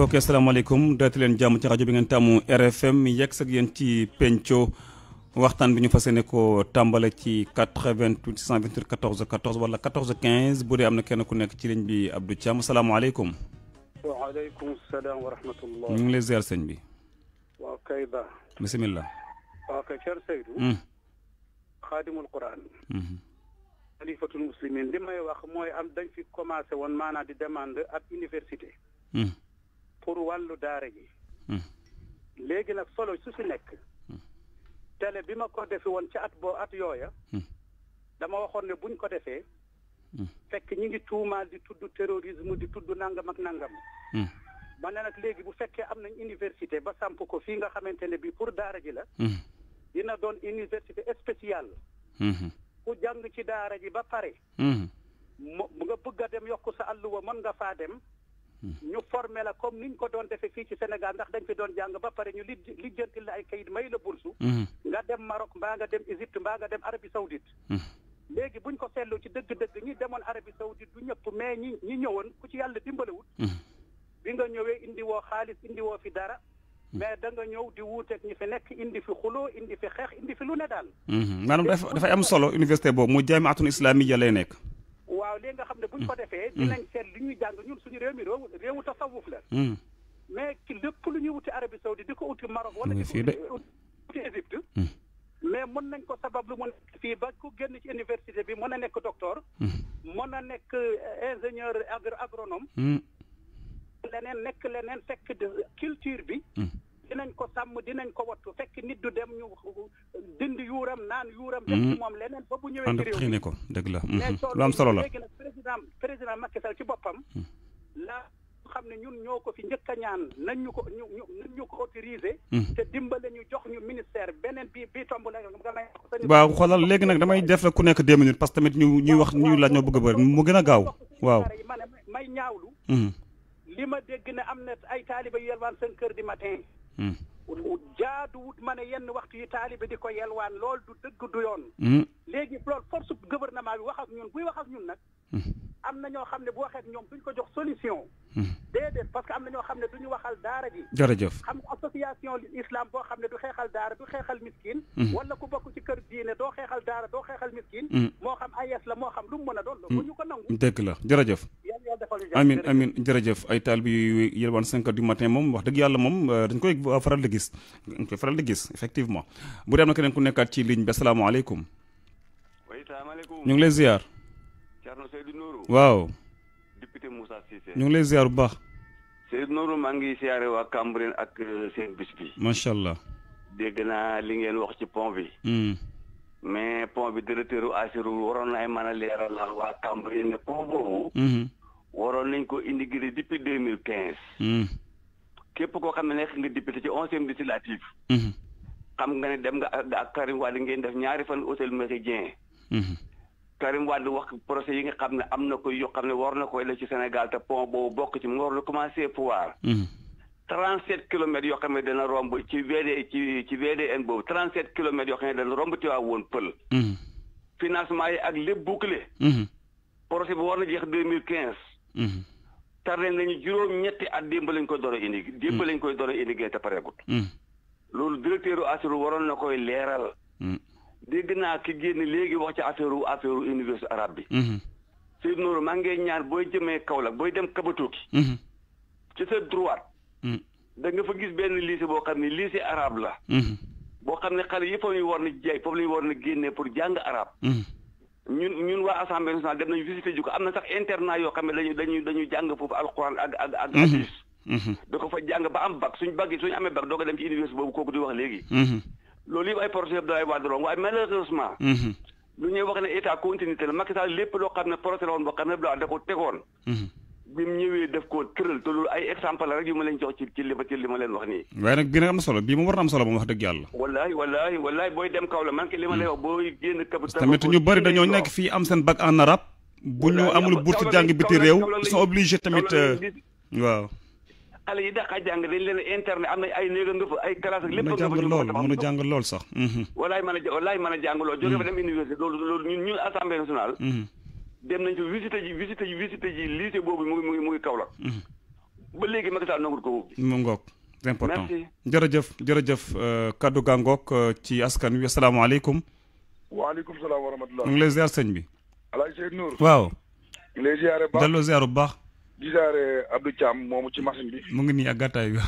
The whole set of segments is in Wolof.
mbokk yi asalaamaaleykum dootu leen jàmm ci rajo bi ngeen tàmmu RFM yegg ak yéen ci penco waxtaan bi ñu fas yéene ko tàmbale ci 88 628 14 14 wala 14 15 bu dee am na kenn ku nekk ci ligne bi Abdou Thiam asalaamaaleykum. waaleykum salaam wa rahmatullah. ñu ngi lay ziar sëñ bi. waaw kay ba. bisimilah. waaw kay cher Seydou. Hmm. xaadimul Quran. Hmm. li may wax mooy am dañ fi commencé woon maanaa di demande ab université. Hmm. pour wàllu daara ji hmm. léegi nag solo su si nekk hmm. télé bi ma ko defee woon ci at bo at yooya hmm. dama waxoon ne buñ ko defee fekk ñi ngi tuumaal di tudd terrorisme di tudd nangam ak nangam ba ne nag léegi bu fekkee am nañ université ba samp ko fii nga xamante ne bi pour daara ji la dina doon université spéciale ku jàng ci daara ji ba pare mu nga bëgg a dem yokk sa àlluwa mën nga faa dem ñu formé la ni ñu ko doon defee fii ci Sénégal ndax dañ fi doon jàng ba pare ñu lijj lijjanti la ay kayit may la bursu mhm. nga dem Maroc mbaa nga dem Égypte mbaa nga dem Arabie Saoudite mhm. léegi buñ ko seetloo ci dëgg-dëgg ñi demoon Arabie Saoudite du ñëpp mais ñi ñi ñëwoon ku ci yàlla dimbalewut mhm. bi nga ñëwee indi woo xaalis indi woo fi dara mais danga ñëw di wuuteeg ñi fi nekk indi fi xuloo indi fi xeex indi fi lu ne daal maanaam dafay am solo université boobu mu jaamiatun islamiyya lay nekk waaw léegi nga xam ne buñ ko mm. defee mm. dinañ seet li ñuy jàng ñun suñu réew mi réewu réewu tasawuf la mm. mais ki lépp lu ñuy wuti Arabie Saoudi di ko uti Maroc wala di ko uti Égypte mais mën nañ ko sabab lu mu nekk fii ba ku génn ci université bi mën a nekk doktoor mën a nekk euh, ingénieur agronome leneen nekk leneen fekk culture bi dinañ ko sàmm dinañ ko wattu fekk nit du dem ñu dindi yuuram naan yuuram def ci mhm. moom leneen ba bu ñëwee ci réew mi ko dëgg la mhm. lu am solo la léegi nag président président Macky Sall ci boppam mhm. la xam ne ñun ñoo ko fi njëkk ñaan nañ ñu ko ñu ñu ko autorisé te dimbale ñu jox ñu ministère beneen bi bi tomb nag waaw xoolal léegi nag damay def ku nekk deux minutes parce que tamit ñu ñuy wax ñu laaj ñoo bëgg a mu gën a gaaw waaw may ñaawlu li ma dégg ne am na ay taaliba yu yelwaan Mm. wut ma ne yenn waxtu yi taalibe di ko yelwaan lool du dëgg du yoon mm. léegi loolu force gouvernement bi wax ak ñun buy wax ak ñun nag mm. am na ñoo xam ne bu waxee ak ñoom duñ ko jox solution déedéet parce que am na ñoo xam ne duñu waxal daara ji jërëjëf xam association islam boo xam ne du xeexal daara du xeexal miskin wala ku bokk ci kër diine doo xeexal daara doo xeexal miskin moo xam AIS la moo xam lu mu mën a doon la bu ñu ko nangu dëgg la jërëjëf amin amin jërëjëf ay taal bi yelwaan cinq heures du matin moom wax dëgg yàlla moom euh, dañ koy faral di gis dañ koy faral di gis effectivement bu dee am na keneen ku nekkaat ci ligne bi asalaamaaleykum ñu ngi lay ziar Thierno Seydou Nourou waaw député Moussa Cissé ñu ngi lay ziar bu baax Seydou Nourou maa ngi siyaare waa Cambérène ak euh, seen bis bi macha allah dégg naa li ngeen wax ci pont bi hmm. mais pont bi directeur u Assirou waroon na ay a leeral waa Cambérène ne pont waroon nañ ko indigré depuis deux mille quinze. Hmm. képp koo xam ne nekk nga député ci onzième législative. Hmm. xam nga ne dem nga ak Karim Wade ngeen def ñaari fan hôtel Méridien. Hmm. Karim Wade wax procès yi nga xam ne am na ko yoo xam ne war na koy la ci Sénégal te pont boobu bokk ci mu war na commencé pouvoir. 37 kilomètres yoo xam ne dana romb ci VD ci ci VDN boobu 37 kilomètres yoo xam ne dana romb ci waa woon pël. financement yi ak lépp bouclé. procès bi war Mm-hmm. tardé nañu juróom ñetti at démb lañ koy door a indi. Mm-hmm. démb lañ koy door a indi te pareegut. Mm-hmm. loolu directeur ASUR waroon na koy leeral. dégg naa ki génn léegi wax ci affaire affaire université arabe bi. Seydou Nourou maa ñaar booy jëmee Kaolack booy dem Kabatoki. ci sa droite. da nga fa gis benn lycée boo xam ne lycée arabe la. boo xam ne xale yëpp a war na jaay foofu la war na génnee pour jàng arabe. ñun ñun waa assemblée nationale dem nañu visité ji ko am na sax internat yoo xam ne dañu dañu jàng foofu alxuraan ak ak ak mhm. hadis mhm. da ko fa jàng ba am bac suñ bac yi amee bac doo ko dem ci université boobu kooku di wax léegi mhm. loolu yëpp ay projet Abdoulaye Wade la waaye malheureusement lu ñuy wax ne état continuité la Macky Sall lépp loo xam ne projet la woon xam ne Abdoulaye ko tegoon bi mu ñëwee def koo tëral te loolu ay exemple la rek yu ma leen jox ci ci li ma leen wax nii. waaye nag bi nag am na solo bii moom war na am solo moom wax dëgg yàlla. wallaay wallaay booy dem kaw la man li ma lay wax booy génn capital. tamit ñu bëri dañoo nekk fii am seen bac en arabe. bu ñu amul bourse jàng biti réew. ils sont tamit euh, waaw. xale yi dàqa jàng dañ leen internet am na ay néega nga ay classe ak lépp nga fa lool mën a jàng lool sax. wallaay mën a a jàng lool. jóge fa dem université loolu ñun ñun assemblée dem nañ fi visité ji visité ji visité ji lycée boobu mu ngi mu ngi mu ngi ba léegi Macky Sall nangu ko ubbi. mu ngoog c'est important jërëjëf jërëjëf euh, kaddu gàngoog euh, ci askan wi asalaamaaleykum. waaleykum salaam wa rahmatulah. ñu ngi lay ziar sëñ bi. El Hadj Seydou Nour. waaw. ñu ngi lay baax delloo ziar bu baax. di ziare ci machine bi. mu ngi nii ak gàttaay bi.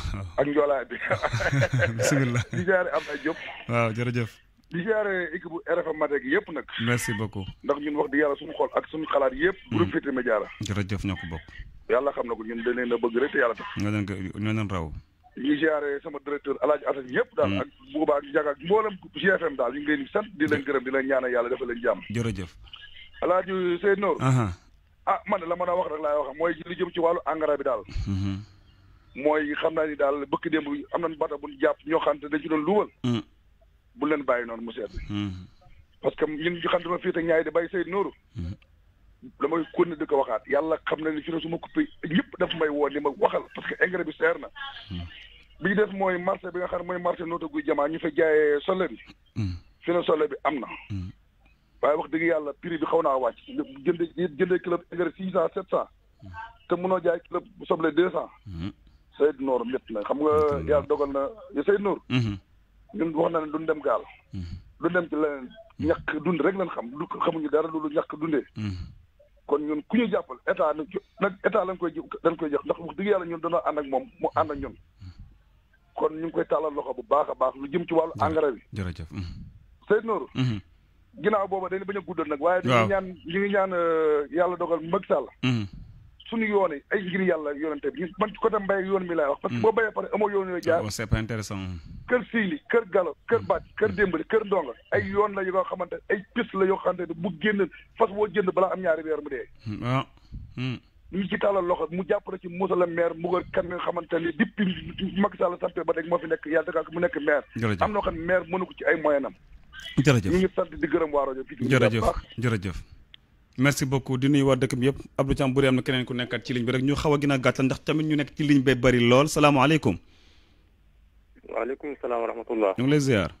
ak jërëjëf. di ziare équipe bu RFM Matin gi yëpp nag. merci beaucoup. ndax ñun wax di yàlla suñu xol ak suñu xalaat yëpp. bu mm. féete média la. jërëjëf ñoo ko bokk. yàlla xam na ko ñun dañ leen bëgg rek te yàlla tax. ñoo leen ñoo leen raw. ñu ziare sama directeur El Hadj Assane ñëpp daal mm. ak Bouba ak Ndiaga ak mboolem daal ñu ngi leen di sant di leen gërëm di leen ñaanal yàlla defal leen jàmm. jërëjëf. El Hadj Seydou Nour. ah man la ma doon wax rek laay wax mooy li jëm ci wàllu engrais bi daal. Mhm. mooy xam naa ni daal bëkk démb am na bata bu jàpp ñoo xam ne dañ ci doon luwal mm. bu leen bàyyi noonu mu sedd mm-hmm. parce que ñun ñu xam ma fii ak ñaay di bàyyi Seydou Nourou mm-hmm. damay continuer di ko waxaat yàlla xam na ni fi ne su ma coupé ñëpp daf may woo li ma waxal parce que engrais bi seer na mm-hmm. bi def mooy marché bi nga xam ne mooy marché noota guy jamaa ñu fa jaaye soble bi fi ne soble bi am na waaye wax dëgg yàlla piri bi xaw naa wàcc jënde jëndee kilo engrais six cent sept cent te mënoo jaay kilo soble deux cent Seydou Nourou métt na xam nga yàlla dogal na Seydou Nourou ñun wax na lu ñu dem gaal. lu mm-hmm. dem ci leneen mm-hmm. ñàkk dund rek lañ xam du xamuñu dara lu ñàkk dundee. Mm-hmm. kon ñun ku ñu jàppal état nag état lañ koy dañ koy jox ndax wax dëgg yàlla ñun dañoo ànd ak moom mu ànd ak ñun. kon ñu ngi koy tàllal loxo bu baax a baax lu jëm ci wàllu engrais bi. jërëjëf Seydou Nourou. ginnaaw booba dañu bañ a guddal nag. waaye ñu ñaan ñu ñaan euh, yàlla dogal Macky Sall suñu yoon yi ay ngir yàlla yoonante bi man ci côté mbay yoon mi laay wax. parce que hmm. boo béyee pare amoo yoon yooyu jaar. waaw ah, kër Siili kër hmm. hmm. yoon la yoo xamante ay piste la yoo ne bu génn fas boo jënd balaa am ñaari dee. waaw. Ah, ñu ci tàllal loxo mu jàpp na ci Moussa la xamante ni depuis Macky Sall sant ba teg moo fi nekk yàlla dëgg mu nekk maire. am noo xam maire mënu ko ci ay moyenam. jërëjëf ñu ngi sant di gërëm waa rajo. jërëjëf jërëjëf merci beaucoup di nuyu waa dëkk bi yëpp Abdou Thiam Bouré am na keneen ku nekkat ci ligne bi rek ñu xaw a gën a gàttal ndax tamit ñu nekk ci ligne bi bari lool salaamaaleykum. waaleykum salaam wa rahmatullah. ñu ngi lay ziar.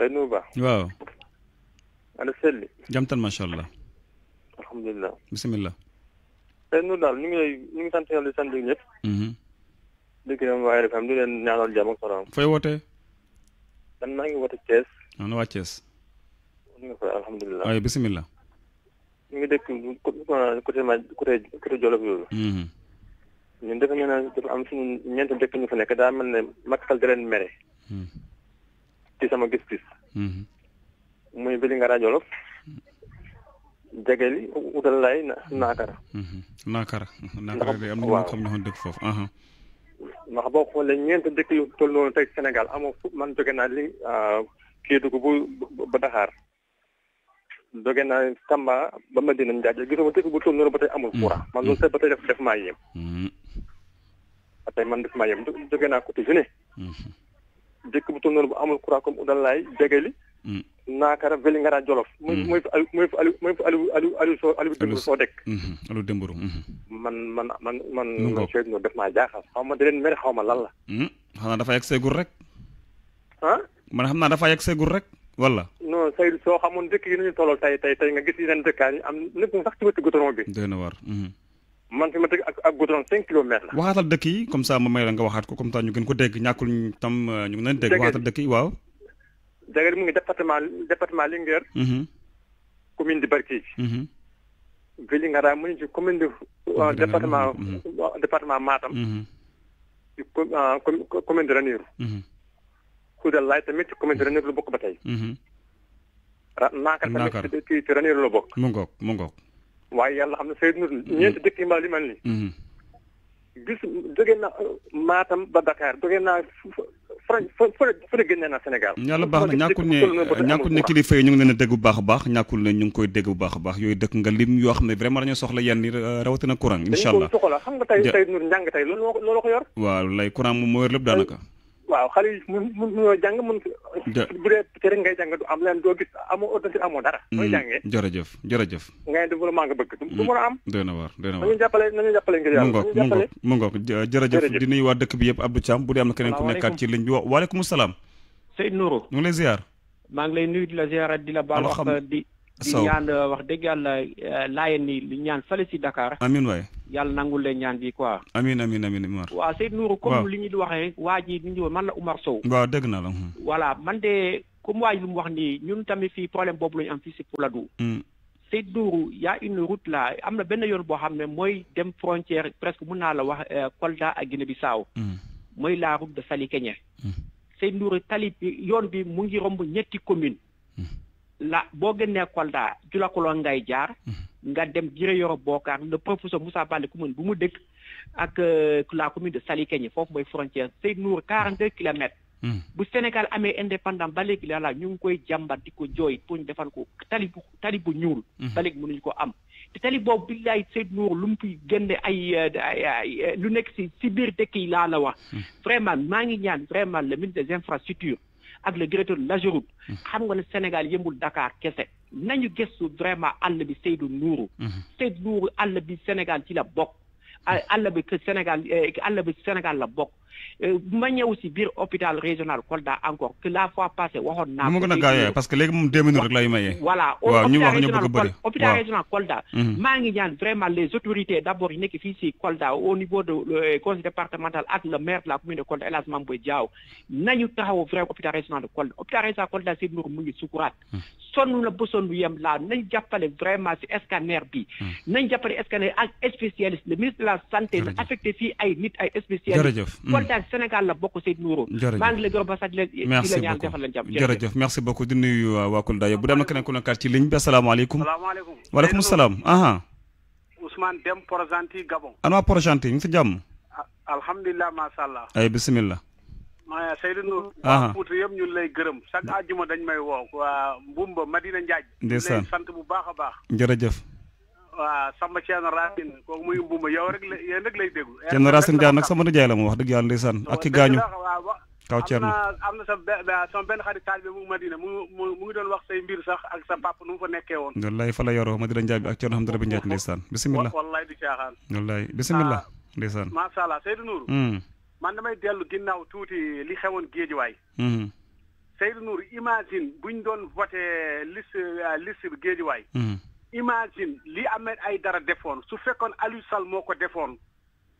Seydou allah. alhamdulilah. bisimilah. ñu ngi lay sant yàlla di sant ñëpp. Mm-hmm. dëkk fooy wootee. man maa ngi woote Thiès. maa ngi waaye bisimilah. ñu ngi dëkk côté ma côté côté Jolof yooyu. Mm-hmm. ñun ne dafa am ñu fa nekk daa mel ne Macky leen mere. Mm-hmm. sama gis-gis. Mm-hmm. muy Vélingara Jolof. Jegeli utal am na ñoo xam ne dëkk foofu. Uh-huh. ndax boo xoolee ñeenti dëkk yu toll noonu tey Sénégal amoo man jóge naa li uh, kii dugg bu ba Dakar. doge naa Tamba ba Madina Ndiaye gisuma dëkk bu ba tey amul mm. courant man loolu sax ba tey def mm. man def maa yem doge naa côté Juné mm-hmm. bu toll noonu bu amul courant comme udan laay jegali mm. naakara Vélingara soo mm-hmm. mm-hmm. man man man man man seet noonu def maa jaaxal xaw ma da leen mer xaw ma lan la xam naa dafa yegg seegul rek ah man xam naa dafa yegg seegul rek wala soo xamoon dëkk yi nu tolloo tey tey nga gis yeneen dëkkaan yi am lépp sax ci wetu goudron bi. doy na war. Mhm. man fi ma dëkk ak ak goudron cinq kilomètres la. waxaatal dëkk yi comme ça ma may la nga waxaat euh, mu ngi département département Linguère. Mhm. commune de Barkédji. Mhm. Vélingara Ngara mu ngi ci commune de. Euh, département euh, département Matam. ci commune de Ranérou. Koudal laay tamit ci commune de Ranérou la bokk ba tey. naakar tamit ci ci ci raneeru la bokk mu ngoog mu ngoog waaye yàlla xam ne sayid nut mm-hmm. ñeenti dëkk yi ma li mel nii bis mm-hmm. jóge na uh, Matam ba Dakar jóge naa fara fara génne naa Sénégal yàlla baax na ñàkkul ne ñàkkul ne kilifa yi ñu ngi leen a bu baax baax ñàkkul ne ñu ngi koy dégg bu baax a baax yooyu dëkk nga lim yoo xam ne vraiment dañoo soxla yenn yi uh, rawatina courant incha xam nga tey sayid nut njàng tey loolu loolu ko yor waaw lay courant waaw xale yi mun mun jàng mun. jë bu dee tere ngay jàng du am leen doo gis amoo ordinateur amoo dara. mooy hmm, jàngee jërëjëf jërëjëf. ngay développement nga bëgg. du hmm, mën a am. doy na waar doy na waar nañu jàppale nañu jàppale ngir yàlla. nañu jàppale waa dëkk bi yëpp Abdou bu dee am na keneen ku nekkaat ci ligne salaam. Seydou Nourou. ñu ngi lay maa ngi lay nuyu di la ziar di la baal wax di. di ñaan wax dëgg yàlla eh, laayeen ni li ñaan fale si dakaar amiin waay yàlla nangul leen ñaan bi quoi. amiin amiin amiin Umar. waaw Seydou comme li ñu di waxee waa ji ni ñu woon man la Umar Sow. waaw dëgg na la. Hmm. voilà man de comme waa ji mu wax nii ñun tamit fii problème boobu la ñu am fii si Fuladu. Hmm. Seydou Nourou y' yaa une route la am na benn yoon boo xam ne mooy dem frontière presque mun naa la wax euh, Kolda ak bi Bissau. Hmm. mooy la route de Salikégné. Seydou Nourou tali bi yoon bi mu ngi romb ñetti commune la boo génnee Kolda Dioulacolon ngay jaar. nga dem Giré Yoro Bokar le professeur Moussa Baldé commune bu mu dëkk ak euh, la commune de Salikégné foofu mooy frontière Seydou Nour 42 kilomètres. Hmm. bu Sénégal amee indépendant ba léegi laala ñu ngi koy jàmbat di ko jooy pour ñu defal ko tali bu tali bu ñuul. Hmm. ba léegi mënuñu ko am. te tali boobu billaay Seydou Nour lu mu fi génne ay euh, ay euh, lu nekk si si biir dëkk yi laa la wax. Hmm. vraiment maa ngi ñaan vraiment le ministre des infrastructures ak le directeur de l'AGEROUTE. xam nga ne Sénégal yëmbul Dakar kese. nañu gëstu vraiment àll bi Seydou Nourou mhm. Seydou Nourou àll bi Sénégal ci la bokk àll bi que Sénégal eh, àll bi Sénégal la bokk eh, ma ñëw si biir hôpital régional Kolda encore que la fois passée waxoon naa. mu gën que léegi a mhm. ngi ñaan vraiment les autorités d' abord yi fii si Kolda au niveau de conseil départemental ak le maire de la commune de Kolda El Hadj Mame nañu taxaw vraiment hôpital régional de Kolda hôpital régional Kolda Sidy Ndour mu ngi sukuraat. Mhm. sonn na ba sonn yem laa nañ jàppale vraiment si scanner bi. Mhm. nañ jàppale scanner ak spécialiste la santé na affecté fii ay nit ay spécialistes hmm. kontaan Sénégal la bokk Seydou Nourou maa ngi la gërëm ba sax di la di la ñaan defal la jàmm jërëjëf merci beaucoup di nuyu uh, waa Kolda yow bu dee am na keneen ku nekkaat ci ligne bi asalaamaaleykum salaamaaleykum waaleykum salaam aha Ousmane Dem Port-Gentil Gabon ana waa port ñu ngi jàmm alhamdulilah macha allah ay bisimilah ma Seydou Nourou waa Fouta yëpp ñu lay gërëm chaque ajuma dañ sant bu baax a baax jërëjëf waaw sama Thierno Racine kooku muy Mbouma yow rek la yéen rek lay déglu. Thierno Racine Dia nag sama nijaay la mu wax dëgg yàlla ndeysaan ak ki gaañu. kaw Thierno am na sama benn xarit taalibe mu Madina mu mu ngi doon wax say mbir sax ak sa papa nu mu fa nekkee woon. wallaay fa la yoroo Madina Ndiaye bi ak Thierno Hamdara bi Ndiaye ndeysaan bisimilah. wallaay du caaxaan. wallaay bisimilah. Ah, ndeysaan macha allah Seydou Nour. Hmm. man damay dellu ginnaaw tuuti li xewoon géejuwaay. Hmm. Seydou Nour imagine buñ doon voté liste liste bi géejuwaay. Hmm. imagine li ay Aïdara defoon su fekkoon Aliou Sall moo ko defoon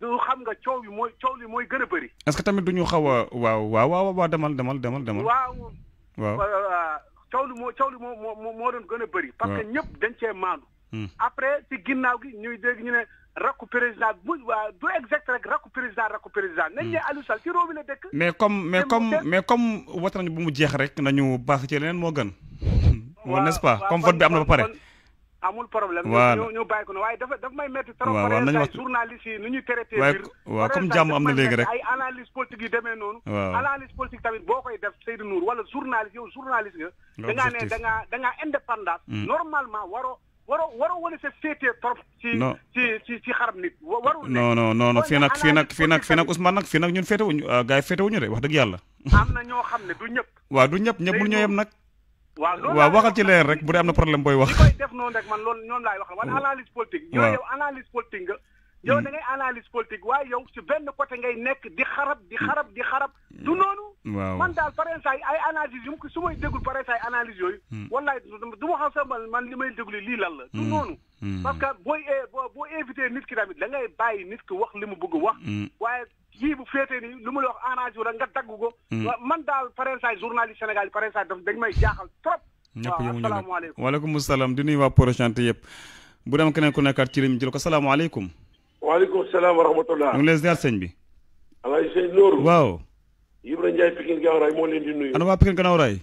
du xam nga coow yi mooy coow li mooy gën a bëri. est que tamit du ñu xaw a waaw waaw waaw waaw demal demal demal demal. waaw waaw euh, coow lu moo coow li moo moo moo doon gën a bëri. parce que ñëpp dañ cee maandu. Hmm. après si ginnaaw gi ñuy dégg ñu ne rakku président bu du exact rek rakku président rakku président. nañ ne hmm. Aliou Sall ci réew mi la dëkk. mais comme mais comme mais comme wat nañu bu mu jeex rek nañu baax ci leneen moo gën. waaw n'est-ce pas amul problème. voilà ñu ñu bàyyi ko waaye dafa dafa may métti trop. waaw waaw nañu wax journaliste yi nu ñuy traité. waaye waaw comme jàmm am na léegi rek ay analyse politique yi demee noonu. waaw analyse politique tamit boo koy def Seydou Nour wala journaliste yow journaliste nga. da ngaa ne da ngaa da ngaa indépendance. Hmm. normalement waroo. waroo waroo wane sa féetee trop. ci ci ci ci xaram nit. warul non non non fii nag fii nag fii nag fii nag ah, wax dëgg yàlla. na waaw loolu waaw waxal ci leer rek bu dee am na problème booy wax. li koy man loolu ñoom laay wax wala analyse politique. waaw yow analyse politique nga. yow hmm. da ngay analyse politique waaye yow si benn côté ngay nekk di xarab di xarab di xarab. du hmm. noonu. waaw man daal pare saa ay analyse yu su may déglu pare saa ay analyse yooyu. Hmm. wallaay du ma xam sax man li may déglu lii lan la. du noonu. parce que booy eh, boo boo invité nit ki tamit da ngay bàyyi nit ki wax li mu bëgg wax. waaye. ji bu féetee nii lu ma la wax arrangé wu nga dagg ko. Hmm. man daal parrainage journaliste Sénégal yi parrainage daf dañ may jaaxal trop. ñëpp yemuñu la waaw asalaamaaleykum. waaleykum salaam di nuyu waa Porochanté yëpp. bu dem keneen ku nekkaat ci ligne jël ko salaamaaleykum. waaleykum salaam wa rahmatulah. ñu ngi lay ziar sëñ bi. Alaaji Sëñ Nooru. waaw. Ibra Ndiaye Pikine moo leen di nuyu. ana waa Pikine Gaaw Raay.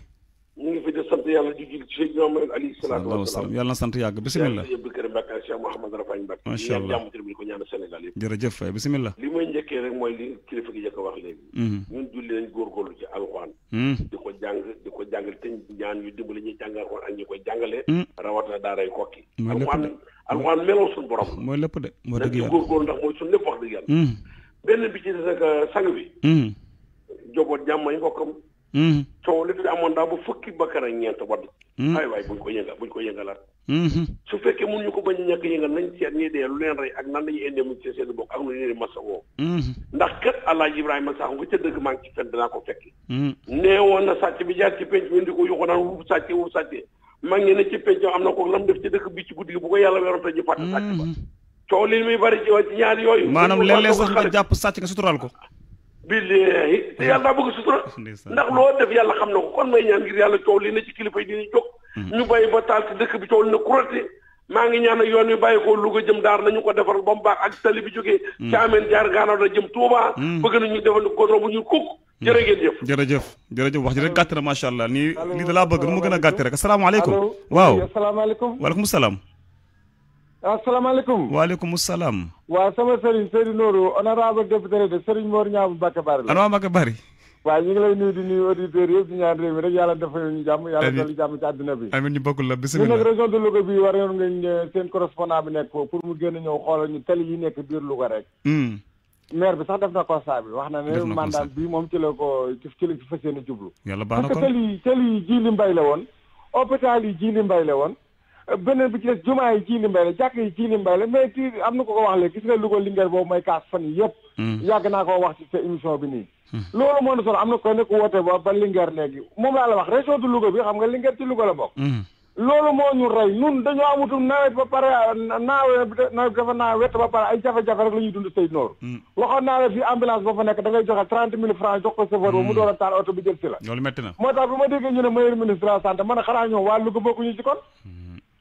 ñu ngi fi sant yàlla di jël salaam. yàlla na sant yàgg bisimilah. Cheikh Mouhamed Rafañ Mbacke. macha allah ñaan jàmm ko ñaanal Sénégal yëpp. jërëjëf Faye bisimilah. li may njëkkee rek mooy li kilifa gi njëkk a wax léegi. Mhm. ñun julli nañ góorgóorlu ci alxuraan. Mhm. di ko jàng di ko jàngal te ñaan yu dimbali ñuy jàng alxuraan ak ñi koy jàngalee. Mhm. rawatina daaray kokki. mooy lépp de alxuraan meloo suñu borom. mooy lépp de moo dëgg yàlla góorgóorlu ndax mooy suñu lépp wax dëgg benn bi ci des uh, sang bi. joboot jàmm ñu ko coow mm-hmm. li fi amoon daaw bu fukki bakkan ak ñeent wadd mm-hmm. ay waay buñ ko yëngal buñ ko yëngalaat mm-hmm. su fekkee mun ñu ko ba ñàkk yëngal nañ seet ñuy dee lu leen rey ak nan lañuy indee mu ci seen bokk ak nu leen di masa woo ndax kat alaaji ibrahima sax nga ca dëgg maa ngi ci fen danaa ko fekki nee woon na sàcc bi jaar ci penc mi ndi ko yuxu naan wub sàcce wub sàcce maa ngi ne ci penc am na ko lam def ci dëkk bi ci guddi gi bu ko yàlla weeroon te ñu fàtte sàcc ba coow yooyu maanaam léeg-léeg sax nga jàpp sàcc nga suturaal ko billaahi te yàlla daa bëgg sutura ndax loo def yàlla xam na ko kon may ñaan ngir yàlla coow li ne ci kilifa yi dinañ jóg hmm. ñu bàyyi ba taal ci dëkk bi coow na ne kurate maa ngi ñaan a yoon wi bàyyi ko Louga jëm daar ñu ko defar ba mu baax ak tali bi jógee hmm. caameen jaar gaanaaw la jëm Touba hmm. bëgg na ñu nañu ko goudron bu ñu kukk jërë ngeen jëf jërëjëf jërëjëf wax ji rek gàtt na macha allah nii lii da laa bëgg nu mu gën a gàtt rek asalaamaaleykum waaw asalaamaaleykum waaleykum salaam asalaamaaleykum waaleykum salaam waaw sama sëriñ Seydou Nourou honorable député de Serigne Mor Niang Mbacké Bari la ana waa Mbacké Bari waaw ñu ngi lay nuyu di nuyu auditeurs yëpp di ñaan réew mi rek yàlla dafa ñu jàmm yàlla dolli jàmm ci àddina bi amiin ñu bokkul la bisimilah ñu nag région de Louga bi war yoon nga euh, seen correspondant bi nekk pour mu génn ñëw xoolal ñu tali yi nekk biir Louga rek hmm. maire bi sax def na constat bi wax na ne mandat bi moom ci la ko ci la ci fas yéene jublu yàlla li mbay la woon hôpital yi ji li mbay la woon beneen bi ci des jumaa yi jiili mbay la jàkk yi jiili mbay la mais ci am na ko ko wax léegi gis nga Louga Linguère boobu may kaas fan yi yëpp hmm. yàgg naa koo wax ci sa émission bi nii hmm. loolu moo na solo am na ko nekk woote ba ba Linguère moom laa la wax région de bi xam nga Linguère ci Louga la bokk hmm. loolu moo ñu rey nun dañoo amutum nawet ba pare nawet ba pare ay jafe-jafe rek la ñuy dund noor waxoon naa la fii ba fa nekk da ngay a taal oto bi a xanaa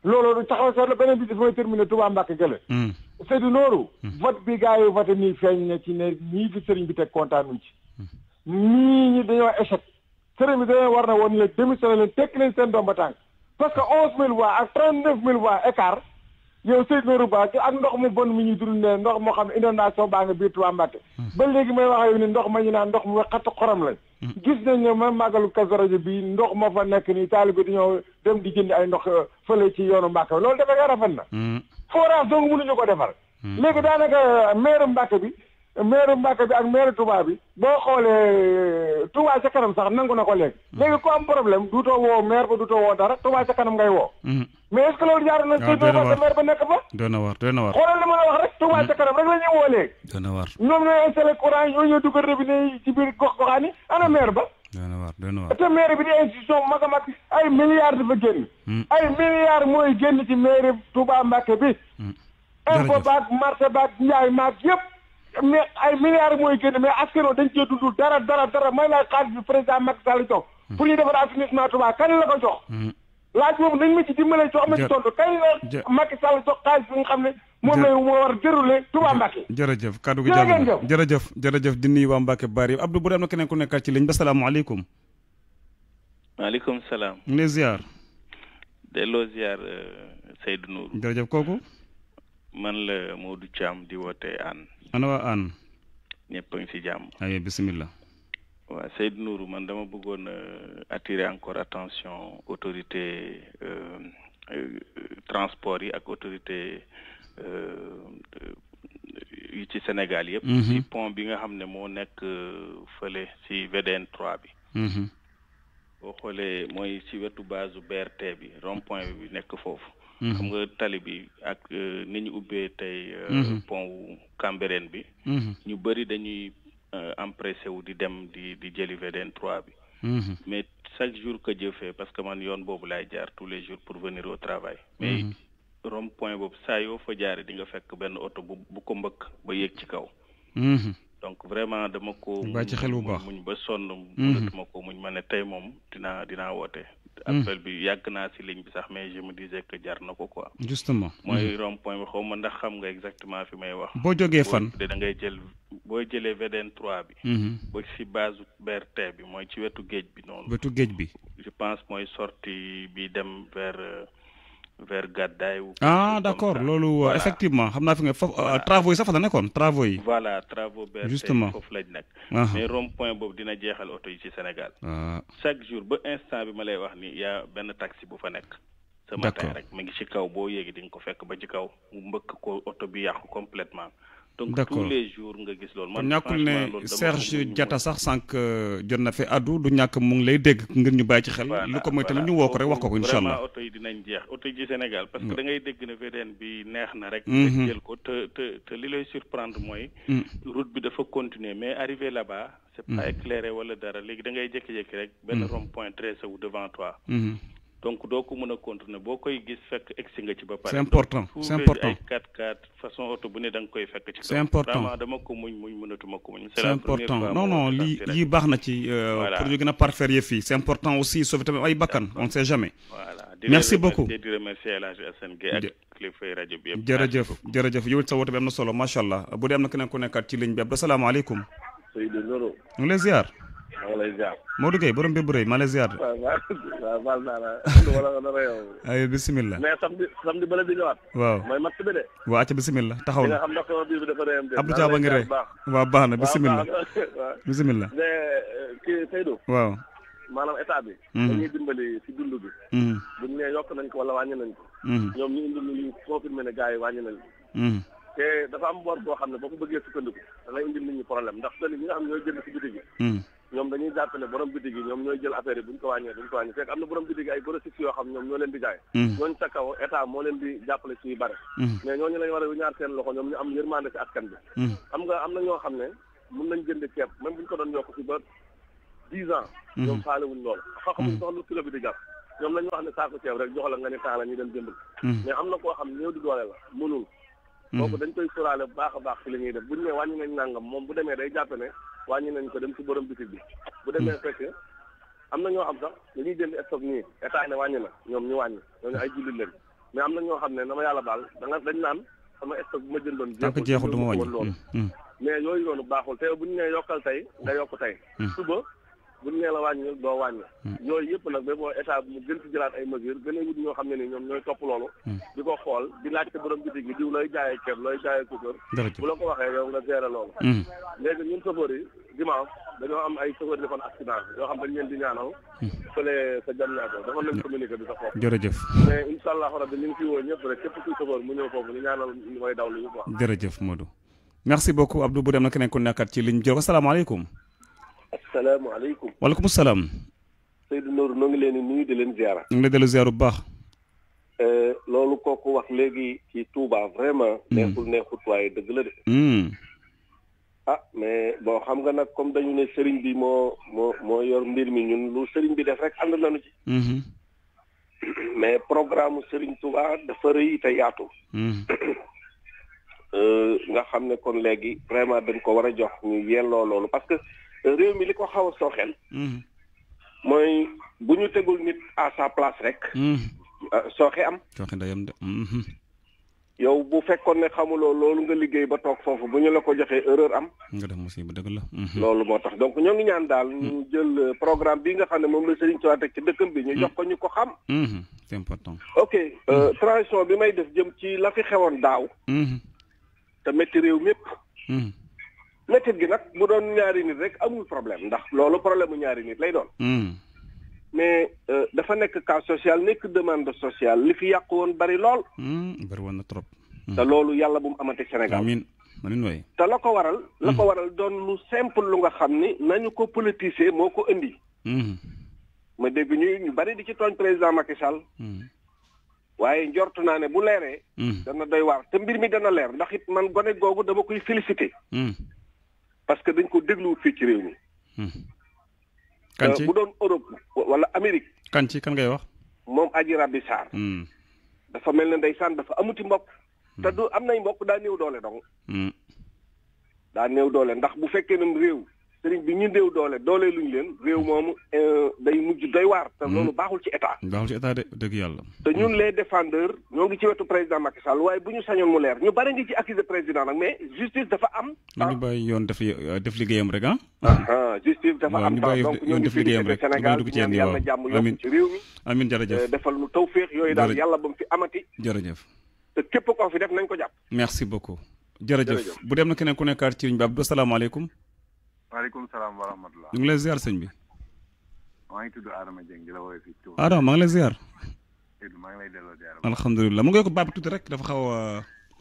loolu taxaw seetlu beneen bi daf may terminer Touba Mbacke Gale. Hmm. Seydou Nourou. Hmm. vote bi gars yi voté nii feeñ na ci ne nii fi sëriñ bi teg kontaanuñ ci. Hmm. nii ñi dañoo échec. sëriñ bi dañoo war na woon ne démissionné leen tekki leen seen doom ba tànk parce que onze mille voix ak trente neuf mille voix écart. yow Seydou Nourou Ba ak ndox mu bon mi ñu dundee ndox moo xam ne inondation baa nga biir Touba Mbacké hmm. ba léegi may wax yow ni ndox ma ñu naan ndox mu xatu xorom lañ hmm. gis nañ ne ma màggalu Kazu bi ndox ma fa nekk nii taalibe dañoo dem di jënd ay ndox euh, fële ci yoonu Mbacké loolu dafa nga rafet na hmm. forage dong mënuñu ko defar léegi daanaka euh, maire Mbacké bi maire Mbacke bi ak maire tubaa bi boo xoolee eh, Touba ca kanam sax nangu na ko léegi. Mm. léegi ku am problème duutoo woo maire ba duutoo woo dara Touba ca kanam ngay woo. Mm-hmm. mais est-ce que loolu jaar na. Ah, nekk fa. doy na waar doy na waar. xoolal li ma la wax rek Touba ca mm-hmm. rek la ñuy woo léegi. na waar ñoom ñooy installé courant ñoo dugg robinet yi ci biir gox goxaan yi ana mm-hmm. maire ba. doy na waar doy na waar. te maire bi di institution mag a mag ay milliards dafa génn. ay milliards mooy génn ci maire Touba Mbacke bi. yëpp mais ay milliards mooy génn mais askan wi dañ cee dundul dara dara dara may laaj xaalis bi président Macky Sall jox. Hmm. pour ñu defar assainissement Touba kan la ko jox. Hmm. laaj boobu nañ ma ci dimbale soo amee ci tontu kañ la Macky nga xam ne. moom lay war déroulé Touba Mbacké. jërëjëf kaddu gi jërëjëf jërëjëf jërëjëf di nuyu waa Bari Abdou bu dee am na keneen ku nekkaat ci ligne bi asalaamaaleykum. maaleykum salaam. mu ngi delloo ziar euh, Seydou Nourou. jërëjëf kooku. man la Modou Thiam di woote Aan. ana waa Aan. ñëpp a ngi si jàmm. aywa bisimilah. waaw Seydou Nourou man dama bëggoon euh, attirer encore attention autorité euh, euh, transport yi ak autorité yi ci Sénégal yëpp. Mm-hmm. ci pont bi nga xam ne moo nekk fële ci VDN 3 bi. Mm-hmm. boo xoolee mooy ci wetu base bu BRT bi rond point bi nekk foofu. Mhm. xam nga tali bi ak euh, ni ñu ubbee tey. Euh, mhm. pont wu Cambérène bi. Mhm. ñu bëri dañuy euh, empressé wu di dem di di jëli VDN bi. mais chaque jour que Dieu fait parce que man yoon boobu laay jaar tous les jours pour venir au travail. mais rond boobu saa yoo fa jaaree di nga fekk benn oto bu bu ko mbëkk ba yéeg ci kaw. donc vraiment dama ko bàyyi ci xel bu baax muñ ba sonn mënatuma mhm. ko muñ ma ne tey moom dinaa dinaa woote mhm. appel bi yàgg naa ci ligne bi sax mais je di disais jar na ko ko quoi justement mooy mhm. rond point bi xaw ma ndax xam nga exactement fi may wax boo jogee fan da ngay jël boo jëlee VDN 3 bi ba si base BRT bi mooy ci wetu géej bi noonu wetu géej bi je pense mooy sorti bi dem vers euh, vers Gàddaay. Ah, d' accord loolu effectivement xam naa fi nga foofu euh, travaux yi sax fa la nekkoon travaux yi. voilà travaux BRT foofu ah. mais rond point boobu dina jeexal oto yi ci Sénégal. Ah. chaque jour ba instant bi ma lay wax ni yaa benn taxi bu fa nekk. sama tey rek ma ngi ci kaw boo yéegi di ko fekk ba ci kaw mu mbëkk ko oto bi yàqu complètement donc tous les jours nga gis loolu. man ñàkkul ne Serge Diatta sax sànq euh, jot na fi addu du ñàkk mu ngi lay dégg ngir ñu bàyyi ci xel. lu ko mooy tamit ñu woo ko rek wax ko ko incha allah. oto yi dinañ jeex oto yi Sénégal. parce que mm. da ngay dégg na VDN bi neex na rek. Mm-hmm. nga jël ko te te te li lay surprendre mooy. Mm. route bi dafa continuer mais arrivé là-bas. c'est pas mm. wala dara léegi da ngay jékki rek. benn rome point tressé wu devant toi. Mm-hmm. donc doo ko mën a contourner boo koy gis fekk egsi nga ci ba pare. c'est important c'est important ay 4x4 façon oto koy fekk ci. c'est important vraiment dama ko muñ muñ mënatuma ko muñ. baax na ci. Euh, pour ñu gën a parfaire yëf yi c'est important aussi sauver tamit ay bakkan on sait merci beaucoup di remercier El Hadj Assane Gueye jërëjëf jërëjëf yow sa woote bi am na solo macha allah bu dee am na keneen ku nekkaat ci ligne bi ab asalaamaaleykum. Seydou Loro. ñu ngi lay Modou Gueye borom bépp rëy maa lay ziar. waaw waaw baal naa la lu ma la ko dara yow. di ñëwaat. waaw mooy matt bi de. waa ca bisimilah taxaw na. xam ndax biir bi dafa reyam de. Abdou Thiaba ngi rey baax na bisimilah. bisimilah. Euh, kii Seydou. waaw. maanaam état bi. Hmm. dañuy dimbali si dund bi. Hmm. buñ ne yokk nañ ko wala wàññi nañ ko. Hmm. ñoom ñu indi lu confirmé ne gars yi wàññi nañ ko. te dafa am bor boo xam ne boo ko bëggee sukkandiku da ngay indil ñu ñi problème ndax te li nga xam ne ñooy jënd si biti bi. ñoom dañuy jàpp ne borom bitig yi ñoom ñooy jël affaire yi bu ñu ko wàññee bu ko wàññee fekk am na borom bitig yi ay grossistes yoo xam ñoom ñoo leen di jaay mm. ñooñu sa kaw état mm. a ñaar seen loxo ñoom ñu bi mm. xam ñoo xam ne mën nañ jënd ceeb même bu ñu ko doon yokk ci ba dix ans ñoom faalewuñ loolu xamuñ ne saako ceeb rek jox la nga ne temps la ñuy dem jëmbal mais am na koo xam ñëw di doole la mënul kooku mhm. dañ koy sóoraale bu baax a baax ci li ñuy def bu ñu nee wàññi nañ nangam moom bu demee day jàpp ne wàññi nañ ko dem si borom bitig bi bu demee mhm. fekk am na ñoo xam sax dañuy jënd stock nii état ne wàññi na ñoom ñu wàññi ñooñu ay jullit lañ mais am na ñoo xam ne dama yàlla baal da nga dañ naan sama stock bu ma jëndoon tànk jeexul du ma wàññi loolu mhm. mais yooyu noonu baaxul te bu ñu nee yokkal tey nga yokk tey suba bu ñu nee la wàññi doo wàññi. Hmm. yooyu yëpp nag ba boo état mu gën ci jëlaat ay mesures gën a wut ñoo xam ne ni ñooy topp loolu. Hmm. di ko xool di laajte borom bitig bu la ko waxee yow nga gérer loolu. Hmm. léegi ñun chauffeurs yi dimanche dañoo am ay chauffeurs defoon accident yoo xam dañ leen di ñaanal. fële sa jam ñaato dafa nañ communiqué bi sa foofu. jërëjëf mais incha allah rabbi ñu fi woo ñëpp rek képp kuy chauffeur mu ñëw foofu ñu ñaanal mooy daw li ñu quoi. jërëjëf Modou merci beaucoup asalaamaaleykum. waaleykum salaam. Seydou Nourou noo ngi leen di nuyu di leen ziara. ñu ngi lay dellu ziara bu baax. Eh, loolu kooku wax léegi ci tuuba vraiment. Hmm. neexul neexut waaye dëgg la de. Hmm. ah mais boo xam nga nag comme dañu ne sëriñ bi moo moo moo yor mbir mi ñun lu sëriñ bi def rek ànd nañu ci. Hmm. mais programme sëriñ Touba dafa rëy te yaatu. Euh, nga xam ne kon léegi vraiment dañ ko war a jox ñu yelloo loolu parce que. réew mi li ko xaw a sooxeel mm-hmm. mooy bu ñu tegul nit à sa place rek mm-hmm. euh, sooxe am sooxe day am de mm-hmm. yow bu fekkoon ne xamuloo loolu nga liggéey ba toog foofu bu ñu la ko joxee erreur am nga def musiba dëgg la loolu moo tax donc ñoo ngi ñaan daal ñu jël euh, programme bi nga xam ne moom la Serigne Touba rek ci dëkkam bi ñu jox ko ñu ko xam c'est important euh, bi may def jëm ci la fi xewoon daaw te métti réew mépp métit gi nag mu doon ñaari nit rek amul problème ndax loolu problème mu ñaari nit lay doon hmm. mais euh, dafa nekk cas social nekk demande sociale li fi yàq woon bari lool hmm, bari woon na trop hmm. te loolu yàlla bu mu amati Sénégal amiin amiin te la ko waral la ko waral doon lu simple lu nga xam ni nañu ko politiser moo ko indi ma dégg ñuy ñu bari di ci tooñ président Macky Sall waaye njort naa ne bu leeree dana doy waar te mbir mi dana leer ndax it man gone googu dama koy féliciter parce que dañ ko dégluwut fii ci réew mi. Hmm. Euh, kan ci bu doon Europe wala Amérique. kan ci kan ngay wax. moom Adji Raby Sarr. Hmm. dafa mel ne ndeysaan dafa amuti mbokk. Hmm. te du am nay mbokk daa néew doole dong. daa néew doole ndax bu fekkee ne réew. sëriñ bi ñu ndéew doole doole ñu leen réew moom euh, day mujj day waar. te hmm. loolu baaxul ci état. baaxul ci état de dëgg yàlla. te ñun lee défendeurs ñoo ngi ci wetu président Macky Sall waaye bu ñu sañoon mu leer ñu bari ngi ci accusé président nag mais justice dafa am. ñu bàyyi yoon def def liggéeyam rek ah. ah, ah justice dafa am temps donc ñoo ngi félicité Sénégal ñu ñaan yàlla jàmm yokk ci réew mi. amiin jërëjëf euh, defal nu tawféex yooyu daal yàlla ba mu fi amati. jërëjëf. te koo fi def nañ ko jàpp. merci beaucoup. jërëjëf bu dem na keneen ku nekkaat ci ligne salaamaaleykum maaleykum salaam wa rahmatulah. ñu ngi lay ziar sëñ bi. maa ngi tudd Adama Dieng di la woowee fii. Adama maa ngi lay ziar. maa ngi lay delloo ziar. alhamdulilah mu ngi ko baab tuuti rek dafa xaw a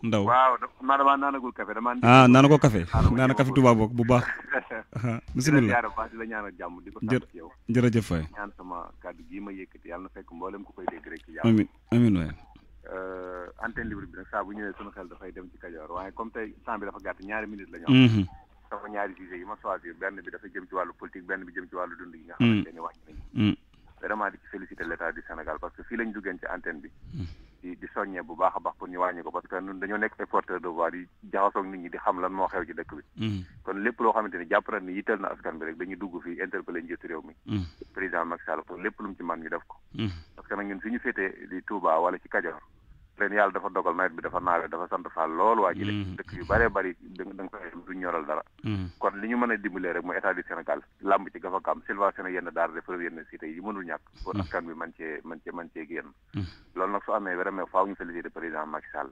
ndaw. waaw maa damaa naanagul café damaa. ah naanagoo café naana café Touba boog bu baax. bisimilah di la ñaanal jàmm di ko sant yow. jërëjëf waay. ñaan sama kàddu gii ma yëkkati yàlla na fekk mboolem ko koy dégg rek ci yàlla. amiin amiin waay. Euh, antenne libre bu ñëwee sunu xel dafay dem ci Kajoor waaye comme tey temps bi dafa gàtt ñaari minutes la sama ñaari sujet yi ma choisir benn bi dafa jëm ci wàllu politique benn bi jëm ci wàllu dund gi nga hmm. xamante ne wàññi nañu hmm. vraiment di ci parce que fii lañ duggeen ci antenne bi hmm. di di bu baax a baax pour ñu wàññi ko parce que ñun dañoo nekk ay porteurs de di jaxasoog nit ñi di xam lan moo xew ci dëkk bi kon lépp loo xamante ni jàpp na ni yitteel na askan bi rek dañuy dugg fii interpeller njiitu réew mi président Macky pour lépp lu ci man ñu def ko parce que nag ñun fi ñu féetee wala ci Kajoor leen yàlla dafa dogal nawet bi dafa naawee dafa sant faal lool waa ji mm-hmm. dëkk yu bëree bëri da nga fay du ñoral dara mm-hmm. kon li ñu mën a dimbalee rek mooy état du Sénégal làmb ci gafakaam subventionné yenn daara de première nécessité yi mënul ñàkk mm-hmm. pour askan bi man cee man cee génn loolu nag su amee vraiment faaw ñu féliciter président Macky Sall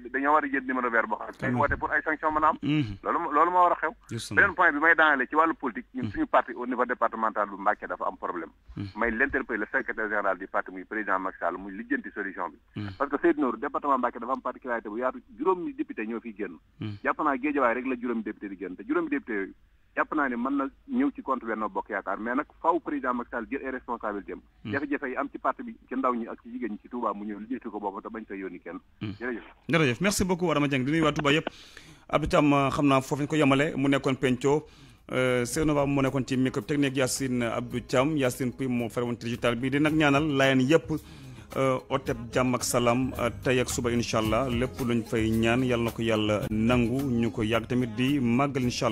may dañoo war a jël numéro vert boo xam mm-hmm. pour ay sanction mën a am mm-hmm. loolu loolu war a xew beneen point bi may daanale ci wàllu politique ñun mm-hmm. suñu parti au niveau bu Mbacké dafa am problème may l'interpeller le secrétaire général du parti muy président Macky Sall muy lijjanti solution bi parce que Seydou Nourou département dafa am particularité bu yaatu juróomi député ñoo fiy génn jàpp naa Guédiawaye rek la juróomi député yooyu jàpp naa ne mën na ñëw ci compte Benno Bokk Yaakaar mais nag faaw président Macky Sall jël ay responsabilité am hmm. jafe-jafe yi am ci parti bi ci te bañ sa yónni kenn hmm. jërëjëf jërëjëf merci beaucoup Adama di nuyu waa Touba yëpp Abdou Thiam euh, xam naa foofu ñu ko yemale mu nekkoon penco Seynova euh, euh, jàmm ak salaam tey ak suba incha lépp luñ fay ñaan yàlla na ko yàlla nangu ñu ko yàgg tamit di màggal incha